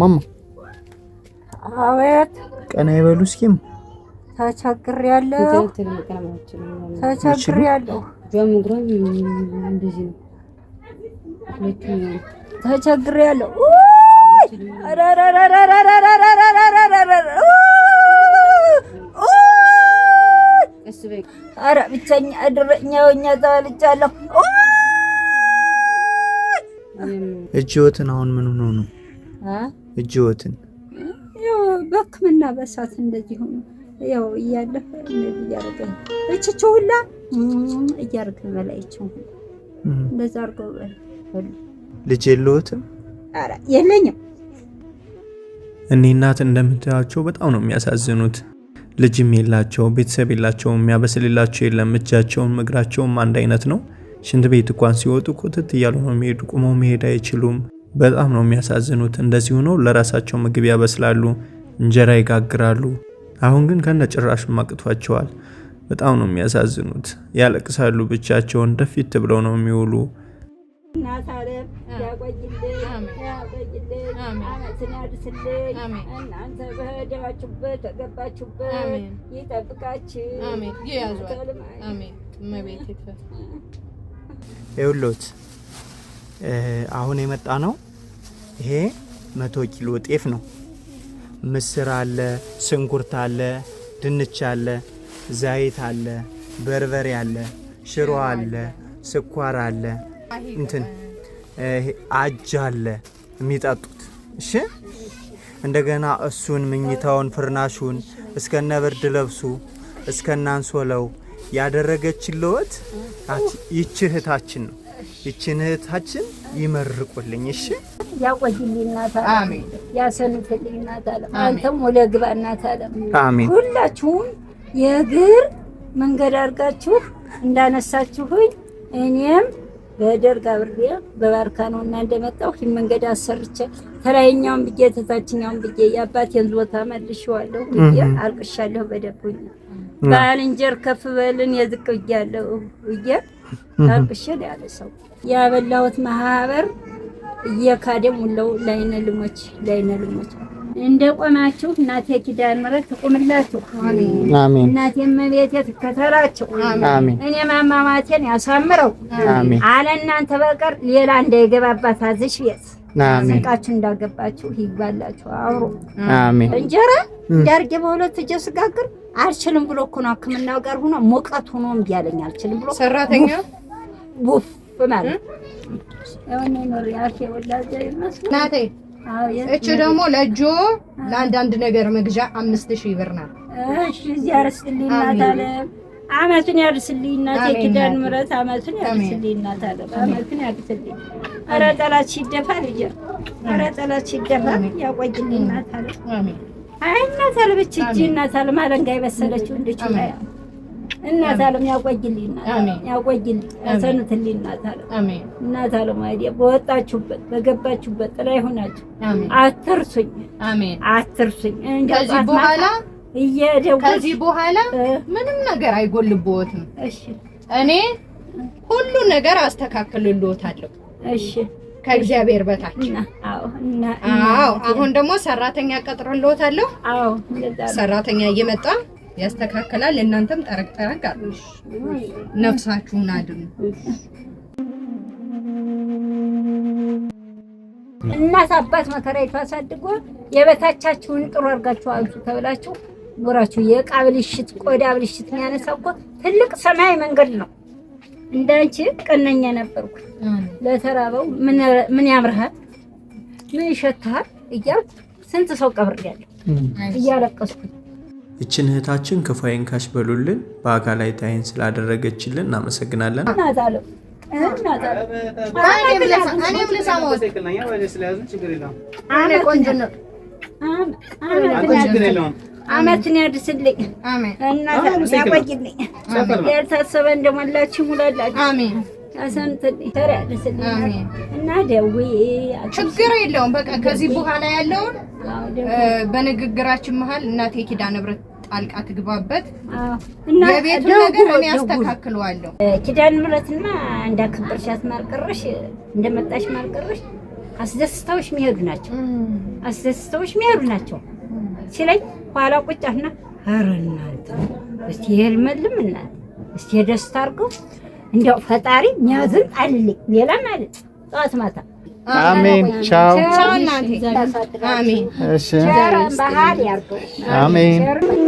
ማማ አቤት፣ ቀና ይበሉ። እስኪም ተቸግሬያለሁ፣ ተቸግሬያለሁ፣ ተቸግሬያለሁ። ኧረ ብቸኛ እድረኛ ሆኜ ተበልቻለሁ። እጅወትን አሁን ምን ሆኖ ነው? እጅወትን ወትን ያው በሕክምና በሳት እንደዚህ ሆኖ ያው እያለፈ እንደዚህ እችቸው ሁላ እያደረገ መላይቸው እንደዛ አድርጎ ልጅ የለዎትም? ኧረ የለኝም። እኒህ እናት እንደምታያቸው በጣም ነው የሚያሳዝኑት። ልጅም የላቸው፣ ቤተሰብ የላቸውም፣ የሚያበስልላቸው የለም። እጃቸውም እግራቸውም አንድ አይነት ነው። ሽንት ቤት እንኳን ሲወጡ ኮትት እያሉ ነው የሚሄዱ። ቁመው መሄድ አይችሉም። በጣም ነው የሚያሳዝኑት። እንደዚህ ሆነው ለራሳቸው ምግብ ያበስላሉ፣ እንጀራ ይጋግራሉ። አሁን ግን ከነ ጭራሹ አቅቷቸዋል። በጣም ነው የሚያሳዝኑት። ያለቅሳሉ። ብቻቸውን ደፊት ብለው ነው የሚውሉ። እናንተ ኤውሎት አሁን የመጣ ነው። ይሄ መቶ ኪሎ ጤፍ ነው። ምስር አለ፣ ሽንኩርት አለ፣ ድንች አለ፣ ዘይት አለ፣ በርበሬ አለ፣ ሽሮ አለ፣ ስኳር አለ፣ እንትን አጅ አለ የሚጠጡት። እሺ እንደገና እሱን ምኝታውን ፍርናሹን እስከነ ብርድ ለብሱ እስከነ አንሶለው ያደረገችልዎት ይቺ እህታችን ነው። ይቺን እህታችን ይመርቁልኝ። እሺ ያቆይልኝ እናት ዓለም ያሰንፍልኝ እናት ዓለም አንተም ወደ ግባ እናት ዓለም አሜን። ሁላችሁም የእግር መንገድ አድርጋችሁ እንዳነሳችሁኝ እኔም በደርግ አብሬ ነው እና እንደመጣሁ ይህ መንገድ አሰርቼ ተላይኛውን ብዬ ተታችኛውን ብዬ የአባቴን ዞታ መልሼዋለሁ ብዬ አልቅሻለሁ በደቡኝ ባልንጀር ከፍ በልን የዝቅ ብያለሁ ብዬ አልቅሼ ያለ ሰው ያበላሁት ማህበር እየካደ ሙለው ላይነ ልሞች ለአይነ ልሞች እንደ ቆማችሁ እናቴ ኪዳነ ምሕረት ትቁምላችሁ፣ አሜን። እናቴ እመቤቴ ትከተላችሁ፣ አሜን። እኔ ማማማቴን ያሳምረው፣ አሜን። አለ እናንተ በቀር ሌላ እንዳይገባባት አዝሽ ቤት ስቃችሁ እንዳገባችሁ ይግባላችሁ፣ አብሮ አሜን። እንጀራ እንዳርጌ በሁለት እጄ ስጋግር አልችልም ብሎ እኮ ነው ሕክምና ጋር ሆኖ ሙቀት ሆኖ እምቢ አለኝ። አልችልም ብሎ ሰራተኛ ቡፍ ማለት እቺ ደግሞ ለእጆ ለአንዳንድ ነገር መግዣ አምስት ሺህ ብር ናት። እሺ እዚያ አመቱን ያድርስልኝ እናቴ፣ ኪዳነ ምሕረት አመቱን ያድርስልኝ እናቴ፣ አለ። አመቱን ያድርስልኝ። ኧረ ጠላት ሲደፋ ልጄ፣ ኧረ ጠላት ሲደፋ ያቆይልኝ እናቴ። አለ። አይ እናቴ አለ፣ ብቻ እጅ እናት አለ። ማለንጋ የበሰለችው እንደች ላይ እናት አለም ያቆይልኝ፣ ያቆይልኝ፣ ያሰንትልኝ እናት አለ። እናት አለ ማዲያ በወጣችሁበት በገባችሁበት ጥላ ይሆናችሁ። አትርሱኝ፣ አሜን፣ አትርሱኝ። ከዚህ በኋላ ከዚህ በኋላ ምንም ነገር አይጎልብዎትም። እሺ እኔ ሁሉ ነገር አስተካክልልዎታለሁ። እሺ ከእግዚአብሔር በታች አዎ። አሁን ደግሞ ሰራተኛ ቀጥርልዎታለሁ። አዎ ሰራተኛ እየመጣ ያስተካክላል። እናንተም ጠረቅ ጠረቅ አሉ። ነፍሳችሁን አድኑ። እናት አባት መከራ የተሳድጎ የበታቻችሁን ጥሩ አድርጋችሁ አብዙ ተብላችሁ ኑራችሁ የእቃ ብልሽት፣ ቆዳ ብልሽት የሚያነሳው እኮ ትልቅ ሰማያዊ መንገድ ነው። እንዳንቺ ቀነኛ ነበርኩ። ለተራበው ምን ያምርሃል፣ ምን ይሸትሃል እያልኩ ስንት ሰው ቀብሬያለሁ እያለቀስኩ ይችን እህታችን ክፉ አይንካሽ በሉልን። በአካል ታይን ስላደረገችልን እናመሰግናለን። አመትን ያድስልኝ እና ያቆይልኝ። ያልታሰበ እንደሞላችሁ ሙላላችሁ አሰምትልኝ እና ደውዬ ችግር የለውም። በቃ ከዚህ በኋላ ያለውን በንግግራችን መሀል እናቴ ኪዳነ ምህረት ጣልቃ ትግባበት የቤቱን ነገር እኔ አስተካክለዋለሁ። ኪዳነ እንዳከበርሻት ማልቀረሽ እንደመጣሽ ማልቀረሽ አስደስተውሽ የሚሄዱ ናቸው። አስደስተውሽ የሚሄዱ ናቸው። ሲለኝ ኋላ ቁጫና ኧረ እናንተ እስቲ የህልመልም እናንተ እስቲ የደስታ አድርገው እንዲያው ፈጣሪ ሚያዝን አልልኝ ሌላ ማለት ጠዋት ማታ አሜን። ቻው አሜን። እሺ አሜን።